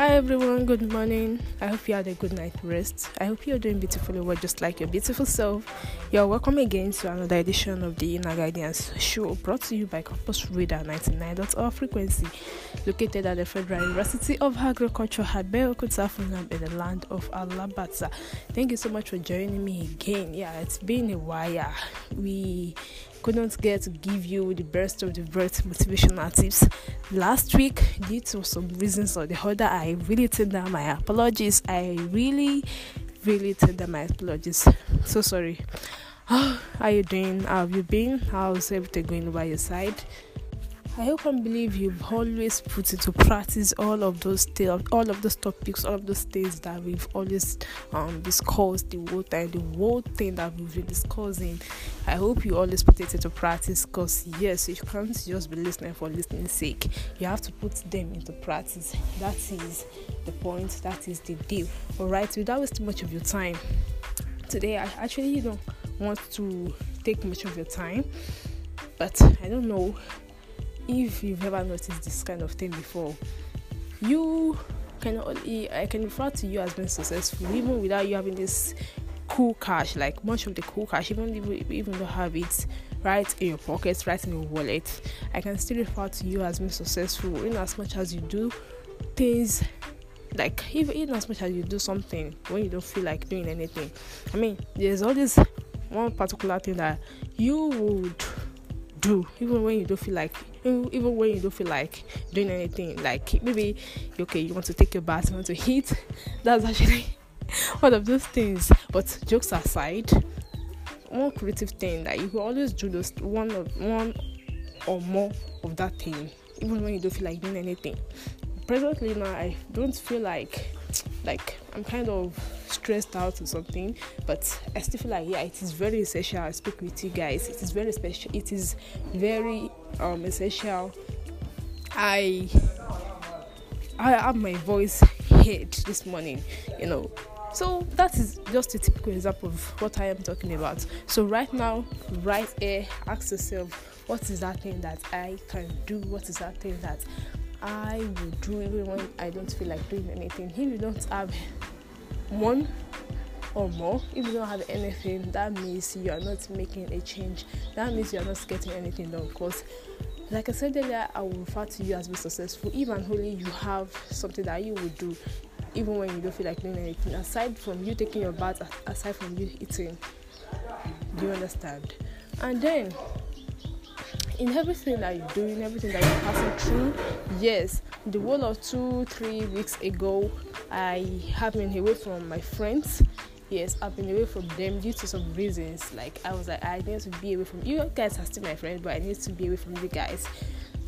Hi everyone, good morning. I hope you had a good night's rest. I hope you're doing beautifully well, just like your beautiful self. You're welcome again to another edition of the Inner Guidance Show brought to you by Campus Reader 99.0 frequency, located at the Federal University of Agriculture, Hadbel, Kutafunam, in the land of Alabata. Thank you so much for joining me again. Yeah, it's been a while. We couldn't get to give you the best of the best motivational tips last week due to some reasons or the other. I really tender my apologies. I really, really tender my apologies. So sorry. How are you doing? How have you been? How's everything going by your side? I hope and believe you've always put into practice all of those th- all of those topics, all of those things that we've always um, discussed, the whole time, the whole thing that we've been discussing. I hope you always put it into practice because yes, you can't just be listening for listening's sake. You have to put them into practice. That is the point, that is the deal. Alright, without wasting much of your time. Today I actually don't want to take much of your time. But I don't know if you've ever noticed this kind of thing before, you can only I can refer to you as being successful even without you having this cool cash, like much of the cool cash, even if even don't have it right in your pocket, right in your wallet. I can still refer to you as being successful in as much as you do things like even in as much as you do something when you don't feel like doing anything. I mean, there's always one particular thing that you would do even when you don't feel like even when you don't feel like doing anything. Like maybe okay, you want to take your bath, you want to eat. That's actually one of those things. But jokes aside, one creative thing that you can always do those one of one or more of that thing, even when you don't feel like doing anything. Presently now, I don't feel like like I'm kind of stressed out or something, but I still feel like yeah, it is very essential. I speak with you guys. It is very special. It is very um, essential. I I have my voice hit this morning, you know. So that is just a typical example of what I am talking about. So right now, right here, ask yourself, what is that thing that I can do? What is that thing that I will do even when I don't feel like doing anything? If you don't have one or more. If you don't have anything, that means you are not making a change. That means you are not getting anything done. Because, like I said earlier, I will refer to you as being successful Even only you have something that you will do, even when you don't feel like doing anything. Aside from you taking your bath, aside from you eating, do you understand? And then in everything that you do, in everything that you're passing through, yes, the world of two, three weeks ago, I have been away from my friends yes, I've been away from them due to some reasons. Like I was like, I need to be away from you guys are still my friends, but I need to be away from you guys.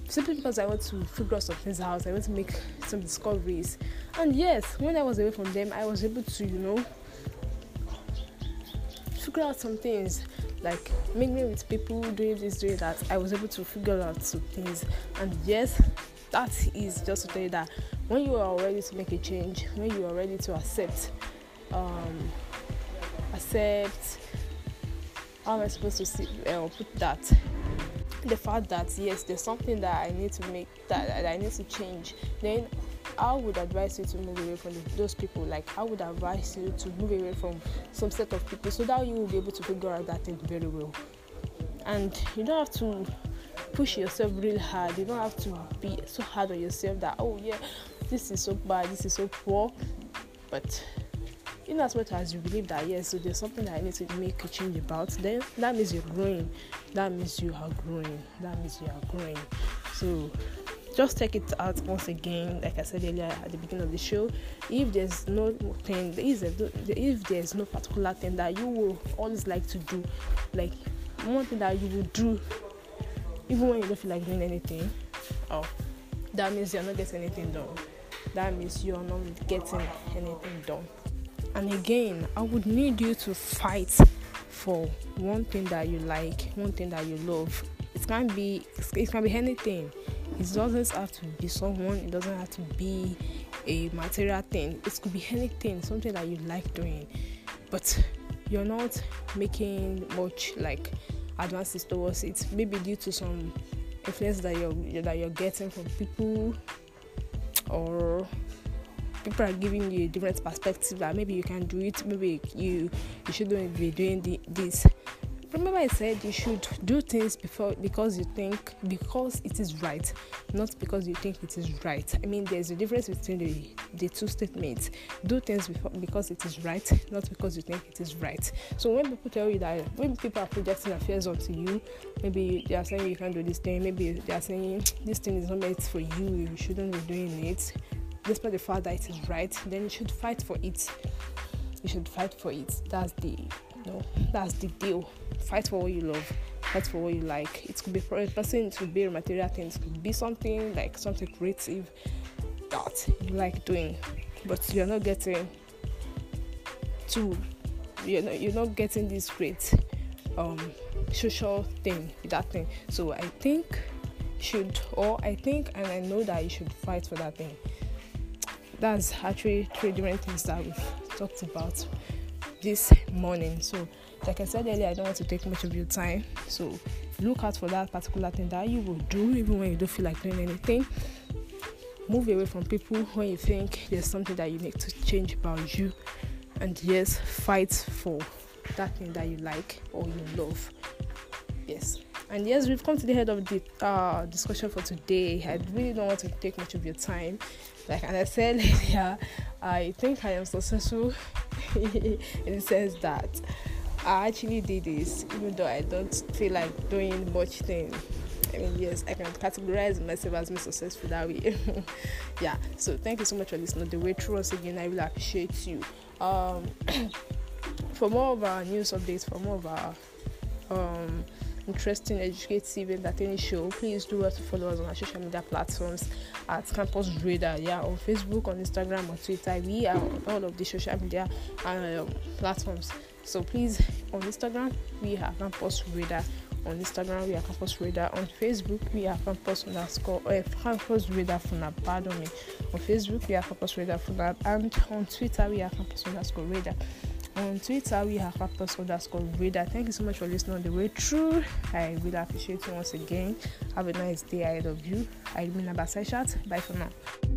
Simply because I want to figure out some things out, I want to make some discoveries. And yes, when I was away from them, I was able to, you know, figure out some things like mingling with people, doing this, doing that. I was able to figure out some things, and yes, that is just to tell you that when you are ready to make a change, when you are ready to accept um, accept how am i supposed to see, uh, put that the fact that yes there's something that i need to make that, that i need to change then i would advise you to move away from those people like i would advise you to move away from some set of people so that you will be able to figure out that thing very well and you don't have to push yourself real hard you don't have to be so hard on yourself that oh yeah this is so bad this is so poor but in as much as you believe that yes so there's something that i need to make a change about then that means you're growing that means you are growing that means you are growing so just check it out once again like i said earlier at the beginning of the show if there's no thing if there's no particular thing that you will always like to do like one thing that you will do even when you don't feel like doing anything oh that means you're not getting anything done that means you're not getting anything done and again, I would need you to fight for one thing that you like, one thing that you love. It can be it can be anything. It doesn't have to be someone, it doesn't have to be a material thing. It could be anything, something that you like doing. But you're not making much like advances towards it. Maybe due to some influence that you're that you're getting from people or people are giving you a different perspective that maybe you can do it, maybe you you shouldn't be doing the, this. Remember, I said you should do things before because you think because it is right, not because you think it is right. I mean, there's a difference between the, the two statements. Do things before, because it is right, not because you think it is right. So when people tell you that, when people are projecting affairs onto you, maybe they are saying you can't do this thing, maybe they are saying this thing is not meant for you, you shouldn't be doing it despite the fact that it is right, then you should fight for it. You should fight for it. That's the you know, that's the deal. Fight for what you love. Fight for what you like. It could be for a person, it could be material things, it could be something like something creative that you like doing, but you're not getting to you're you're not getting this great um social thing that thing. So I think should or I think and I know that you should fight for that thing that's actually three different things that we've talked about this morning. So, like I said earlier, I don't want to take much of your time. So, look out for that particular thing that you will do, even when you don't feel like doing anything. Move away from people when you think there's something that you need to change about you. And yes, fight for that thing that you like or you love. Yes. And yes, we've come to the head of the uh, discussion for today. I really don't want to take much of your time. Like and I said earlier, I think I am successful in the sense that I actually did this, even though I don't feel like doing much thing. I mean, yes, I can categorize myself as being successful that way. yeah. So thank you so much for listening the way through us again. I really appreciate you. Um, for more of our news updates, for more of our um, interesting, educative, entertaining show, please do us follow us on our social media platforms at Campus Radar. Yeah, on Facebook, on Instagram, on Twitter. We are on all of the social media um, platforms. So please, on Instagram, we are Campus Radar. On Instagram, we are Campus Radar. On Facebook, we are Campus underscore uh, Campus Radar Funab. Pardon me. On Facebook, we are Campus Radar Funab. And on Twitter, we are Campus underscore Radar. On Twitter, we have Raptors underscore Reader. Thank you so much for listening on the way through. I really appreciate you once again. Have a nice day ahead of you. I mean, Abba Seshat. Bye for now.